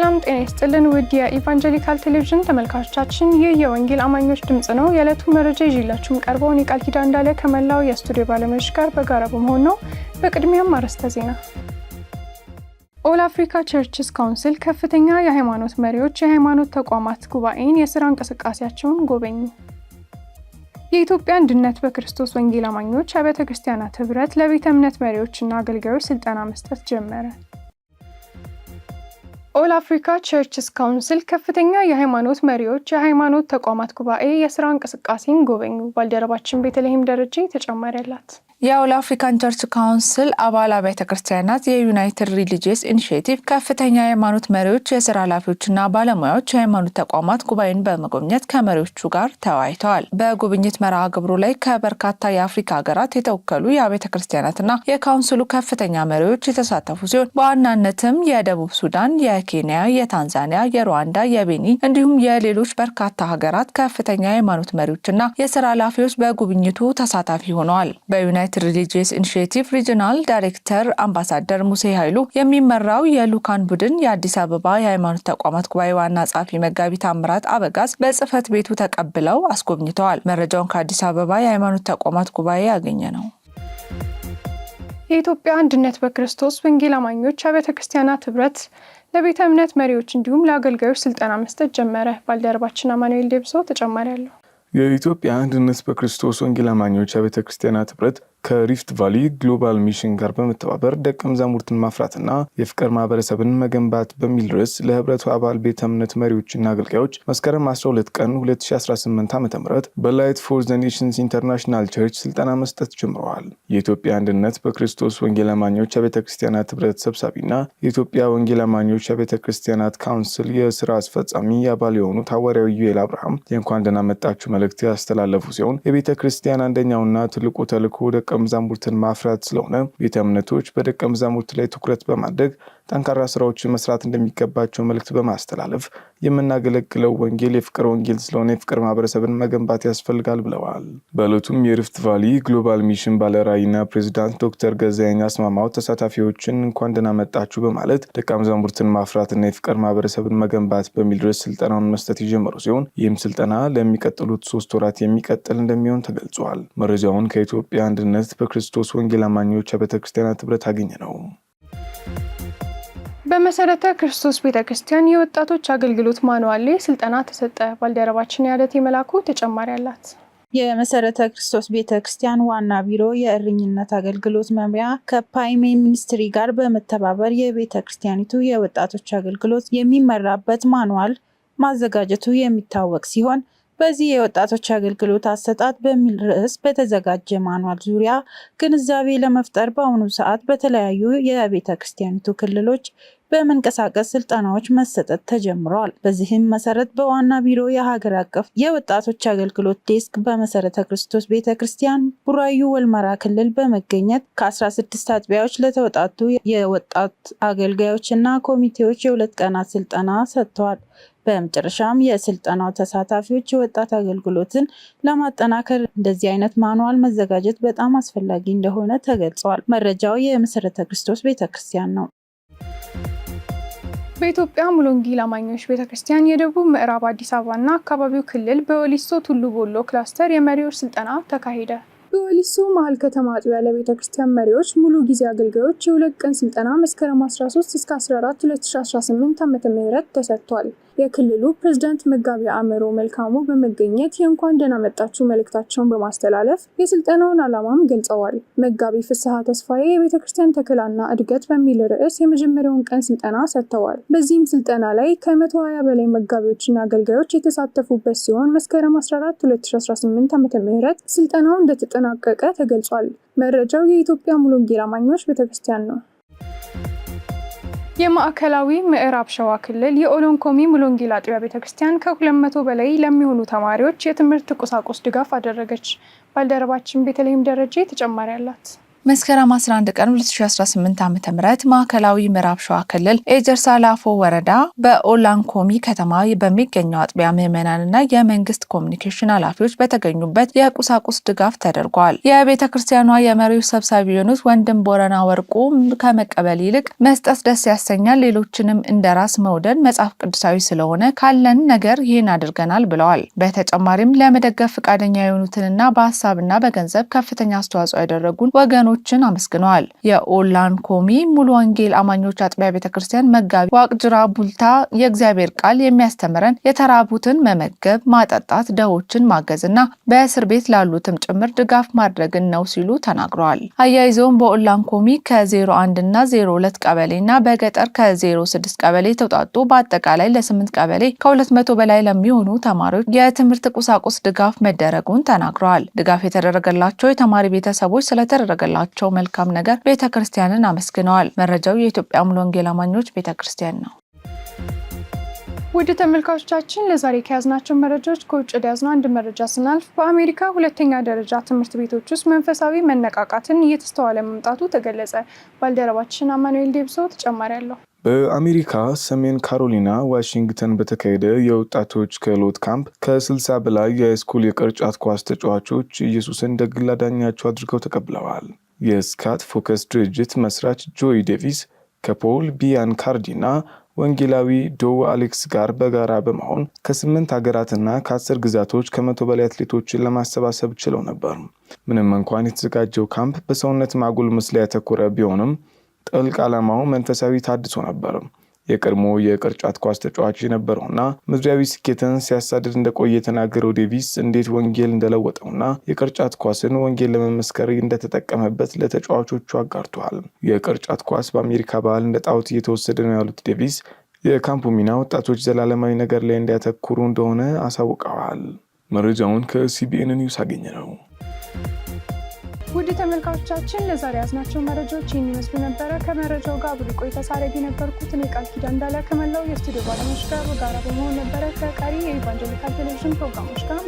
ሰላም ጤና ይስጥልን ውድ የኢቫንጀሊካል ቴሌቪዥን ተመልካቾቻችን፣ ይህ የወንጌል አማኞች ድምጽ ነው። የዕለቱ መረጃ ይዤላችሁ ቀርበውን የቃል ኪዳን እንዳለ ከመላው የስቱዲዮ ባለሙያዎች ጋር በጋራ በመሆን ነው። በቅድሚያም አርዕስተ ዜና። ኦል አፍሪካ ቸርችስ ካውንስል ከፍተኛ የሃይማኖት መሪዎች የሃይማኖት ተቋማት ጉባኤን የስራ እንቅስቃሴያቸውን ጎበኙ። የኢትዮጵያ አንድነት በክርስቶስ ወንጌል አማኞች አብያተ ክርስቲያናት ህብረት ለቤተ እምነት መሪዎችና አገልጋዮች ስልጠና መስጠት ጀመረ። ኦል አፍሪካ ቸርችስ ካውንስል ከፍተኛ የሃይማኖት መሪዎች የሃይማኖት ተቋማት ጉባኤ የስራ እንቅስቃሴን ጎበኙ። ባልደረባችን ቤተልሔም ደረጀ ተጨማሪ አላት። የኦል አፍሪካን ቸርች ካውንስል አባል አብያተ ክርስቲያናት፣ የዩናይትድ ሪሊጂየስ ኢኒሽቲቭ ከፍተኛ የሃይማኖት መሪዎች፣ የስራ ኃላፊዎችና ባለሙያዎች የሃይማኖት ተቋማት ጉባኤን በመጎብኘት ከመሪዎቹ ጋር ተወያይተዋል። በጉብኝት መርሃ ግብሩ ላይ ከበርካታ የአፍሪካ ሀገራት የተወከሉ የአብያተ ክርስቲያናትና የካውንስሉ ከፍተኛ መሪዎች የተሳተፉ ሲሆን በዋናነትም የደቡብ ሱዳን፣ የኬንያ፣ የታንዛኒያ፣ የሩዋንዳ፣ የቤኒ እንዲሁም የሌሎች በርካታ ሀገራት ከፍተኛ የሃይማኖት መሪዎችና የስራ ኃላፊዎች በጉብኝቱ ተሳታፊ ሆነዋል። የዩናይትድ ሪሊጂየስ ኢኒሽቲቭ ሪጅናል ዳይሬክተር አምባሳደር ሙሴ ኃይሉ የሚመራው የልዑካን ቡድን የአዲስ አበባ የሃይማኖት ተቋማት ጉባኤ ዋና ጸሐፊ መጋቢ ታምራት አበጋዝ በጽህፈት ቤቱ ተቀብለው አስጎብኝተዋል። መረጃውን ከአዲስ አበባ የሃይማኖት ተቋማት ጉባኤ ያገኘ ነው። የኢትዮጵያ አንድነት በክርስቶስ ወንጌል አማኞች አብያተ ክርስቲያናት ህብረት ለቤተ እምነት መሪዎች እንዲሁም ለአገልጋዮች ስልጠና መስጠት ጀመረ። ባልደረባችን አማኑኤል ደብሰው ተጨማሪ አለው። የኢትዮጵያ አንድነት በክርስቶስ ወንጌል አማኞች አብያተ ክርስቲያናት ህብረት ከሪፍት ቫሊ ግሎባል ሚሽን ጋር በመተባበር ደቀ መዛሙርትን ማፍራትና የፍቅር ማህበረሰብን መገንባት በሚል ርዕስ ለህብረቱ አባል ቤተ እምነት መሪዎችና አገልጋዮች መስከረም 12 ቀን 2018 ዓ ም በላይት ፎር ዘ ኔሽንስ ኢንተርናሽናል ቸርች ስልጠና መስጠት ጀምረዋል። የኢትዮጵያ አንድነት በክርስቶስ ወንጌል አማኞች አብያተ ክርስቲያናት ህብረት ሰብሳቢና የኢትዮጵያ ወንጌል አማኞች አብያተ ክርስቲያናት ካውንስል የስራ አስፈጻሚ አባል የሆኑት ሐዋርያው ዩኤል አብርሃም የእንኳን ደህና መጣችሁ መልእክት ያስተላለፉ ሲሆን የቤተ ክርስቲያን አንደኛውና ትልቁ ተልእኮ ደቀ መዛሙርትን ማፍራት ስለሆነ ቤተ እምነቶች በደቀ መዛሙርት ላይ ትኩረት በማድረግ ጠንካራ ስራዎችን መስራት እንደሚገባቸው መልእክት በማስተላለፍ የምናገለግለው ወንጌል የፍቅር ወንጌል ስለሆነ የፍቅር ማህበረሰብን መገንባት ያስፈልጋል ብለዋል። በእለቱም የሪፍት ቫሊ ግሎባል ሚሽን ባለራዕይና ፕሬዚዳንት ዶክተር ገዛኸኝ አስማማው ተሳታፊዎችን እንኳን ደህና መጣችሁ በማለት ደቀ መዛሙርትን ማፍራትና የፍቅር ማህበረሰብን መገንባት በሚል ድረስ ስልጠናውን መስጠት የጀመሩ ሲሆን ይህም ስልጠና ለሚቀጥሉት ሶስት ወራት የሚቀጥል እንደሚሆን ተገልጿል። መረጃውን ከኢትዮጵያ አንድነት በክርስቶስ ወንጌል አማኞች ቤተክርስቲያናት ህብረት አገኘ ነው። በመሰረተ ክርስቶስ ቤተ ክርስቲያን የወጣቶች አገልግሎት ማንዋል ላይ ስልጠና ተሰጠ። ባልደረባችን ያለት የመላኩ ተጨማሪ አላት። የመሰረተ ክርስቶስ ቤተ ክርስቲያን ዋና ቢሮ የእርኝነት አገልግሎት መምሪያ ከፓይሜ ሚኒስትሪ ጋር በመተባበር የቤተ ክርስቲያኒቱ የወጣቶች አገልግሎት የሚመራበት ማንዋል ማዘጋጀቱ የሚታወቅ ሲሆን በዚህ የወጣቶች አገልግሎት አሰጣጥ በሚል ርዕስ በተዘጋጀ ማንዋል ዙሪያ ግንዛቤ ለመፍጠር በአሁኑ ሰዓት በተለያዩ የቤተ ክርስቲያኒቱ ክልሎች በመንቀሳቀስ ስልጠናዎች መሰጠት ተጀምረዋል። በዚህም መሰረት በዋና ቢሮ የሀገር አቀፍ የወጣቶች አገልግሎት ዴስክ በመሰረተ ክርስቶስ ቤተ ክርስቲያን ቡራዩ ወልመራ ክልል በመገኘት ከ16 አጥቢያዎች ለተወጣቱ የወጣት አገልጋዮች እና ኮሚቴዎች የሁለት ቀናት ስልጠና ሰጥተዋል። በመጨረሻም የስልጠናው ተሳታፊዎች የወጣት አገልግሎትን ለማጠናከር እንደዚህ አይነት ማኑዋል መዘጋጀት በጣም አስፈላጊ እንደሆነ ተገልጿል። መረጃው የመሰረተ ክርስቶስ ቤተክርስቲያን ነው። በኢትዮጵያ ሙሉ ወንጌል አማኞች ቤተክርስቲያን የደቡብ ምዕራብ አዲስ አበባና አካባቢው ክልል በወሊሶ ቱሉ ቦሎ ክላስተር የመሪዎች ስልጠና ተካሄደ። በወሊሶ መሀል ከተማ አጥቢያ ለቤተ ክርስቲያን መሪዎች ሙሉ ጊዜ አገልጋዮች የሁለት ቀን ስልጠና መስከረም 13 እስከ 14 2018 ዓ.ም ተሰጥቷል። የክልሉ ፕሬዝዳንት መጋቢ አእምሮ መልካሙ በመገኘት የእንኳን ደህና መጣችሁ መልእክታቸውን በማስተላለፍ የስልጠናውን ዓላማም ገልጸዋል። መጋቢ ፍስሐ ተስፋዬ የቤተ ክርስቲያን ተክላና እድገት በሚል ርዕስ የመጀመሪያውን ቀን ስልጠና ሰጥተዋል። በዚህም ስልጠና ላይ ከ120 በላይ መጋቢዎችና አገልጋዮች የተሳተፉበት ሲሆን መስከረም 14 2018 ዓ.ም ስልጠናው እንደተጠ እንደተጠናቀቀ ተገልጿል። መረጃው የኢትዮጵያ ሙሉ ወንጌል አማኞች ቤተክርስቲያን ነው። የማዕከላዊ ምዕራብ ሸዋ ክልል የኦሎንኮሚ ሙሉ ወንጌል አጥቢያ ቤተክርስቲያን ከ200 በላይ ለሚሆኑ ተማሪዎች የትምህርት ቁሳቁስ ድጋፍ አደረገች። ባልደረባችን ቤተልሔም ደረጀ ተጨማሪ አላት። መስከረም 11 ቀን 2018 ዓ.ም ማዕከላዊ ምዕራብ ሸዋ ክልል ኤጀርሳ ላፎ ወረዳ በኦላንኮሚ ከተማ በሚገኘው አጥቢያ ምዕመናንና የመንግስት ኮሚኒኬሽን ኃላፊዎች በተገኙበት የቁሳቁስ ድጋፍ ተደርጓል። የቤተ ክርስቲያኗ የመሪዎች ሰብሳቢ የሆኑት ወንድም ቦረና ወርቁ ከመቀበል ይልቅ መስጠት ደስ ያሰኛል፣ ሌሎችንም እንደ ራስ መውደድ መጽሐፍ ቅዱሳዊ ስለሆነ ካለን ነገር ይህን አድርገናል ብለዋል። በተጨማሪም ለመደገፍ ፈቃደኛ የሆኑትንና በሀሳብና በገንዘብ ከፍተኛ አስተዋጽኦ ያደረጉን ወገኖ ምዕመኖችን አመስግነዋል። የኦላን ኮሚ ሙሉ ወንጌል አማኞች አጥቢያ ቤተ ክርስቲያን መጋቢ ዋቅጅራ ቡልታ የእግዚአብሔር ቃል የሚያስተምረን የተራቡትን መመገብ፣ ማጠጣት፣ ደሆችን ማገዝና በእስር ቤት ላሉትም ጭምር ድጋፍ ማድረግን ነው ሲሉ ተናግረዋል። አያይዘውም በኦላን ኮሚ ከ01 እና 02 ቀበሌና በገጠር ከ06 ቀበሌ ተውጣጡ በአጠቃላይ ለ8 ቀበሌ ከ200 በላይ ለሚሆኑ ተማሪዎች የትምህርት ቁሳቁስ ድጋፍ መደረጉን ተናግረዋል። ድጋፍ የተደረገላቸው የተማሪ ቤተሰቦች ስለተደረገላቸው ስላላቸው መልካም ነገር ቤተ ክርስቲያንን አመስግነዋል። መረጃው የኢትዮጵያ ሙሉ ወንጌል አማኞች ቤተ ክርስቲያን ነው። ውድ ተመልካቾቻችን ለዛሬ ከያዝናቸው መረጃዎች ከውጭ ወደያዝነው አንድ መረጃ ስናልፍ በአሜሪካ ሁለተኛ ደረጃ ትምህርት ቤቶች ውስጥ መንፈሳዊ መነቃቃትን እየተስተዋለ መምጣቱ ተገለጸ። ባልደረባችን አማኑኤል ዴብሶ ተጨማሪ አለው። በአሜሪካ ሰሜን ካሮሊና ዋሽንግተን በተካሄደ የወጣቶች ክህሎት ካምፕ ከ60 በላይ የሃይስኩል የቅርጫት ኳስ ተጫዋቾች ኢየሱስን ደግ አዳኛቸው አድርገው ተቀብለዋል። የስካት ፎከስ ድርጅት መስራች ጆይ ዴቪስ ከፖል ካርዲና ወንጌላዊ ዶው አሌክስ ጋር በጋራ በመሆን ከስምንት ሀገራትና ከአስር ግዛቶች ከመቶ በላይ አትሌቶችን ለማሰባሰብ ችለው ነበር። ምንም እንኳን የተዘጋጀው ካምፕ በሰውነት ማጉል ላይ ያተኮረ ቢሆንም ጥልቅ ዓላማው መንፈሳዊ ታድሶ ነበር። የቀድሞ የቅርጫት ኳስ ተጫዋች እና ምድሪያዊ ስኬትን ሲያሳድድ እንደቆየ የተናገረው ዴቪስ እንዴት ወንጌል እንደለወጠውና የቅርጫት ኳስን ወንጌል ለመመስከር እንደተጠቀመበት ለተጫዋቾቹ አጋርተዋል። የቅርጫት ኳስ በአሜሪካ ባህል እንደ ጣዖት እየተወሰደ ነው ያሉት ዴቪስ የካምፑ ሚና ወጣቶች ዘላለማዊ ነገር ላይ እንዲያተኩሩ እንደሆነ አሳውቀዋል። መረጃውን ከሲቢኤን ኒውስ አገኘ ነው። ውድ ተመልካቾቻችን ለዛሬ ያዝናቸው መረጃዎች ይህን ይመስሉ ነበረ። ከመረጃው ጋር አብሬ የተሳረግ ሳረግ የነበርኩት እኔ ቃል እንዳለ ከመላው የስቱዲዮ ባለሙያዎች ጋር በጋራ በመሆን ነበረ። ከቀሪ የኢቫንጀሊካል ቴሌቪዥን ፕሮግራሞች ጋር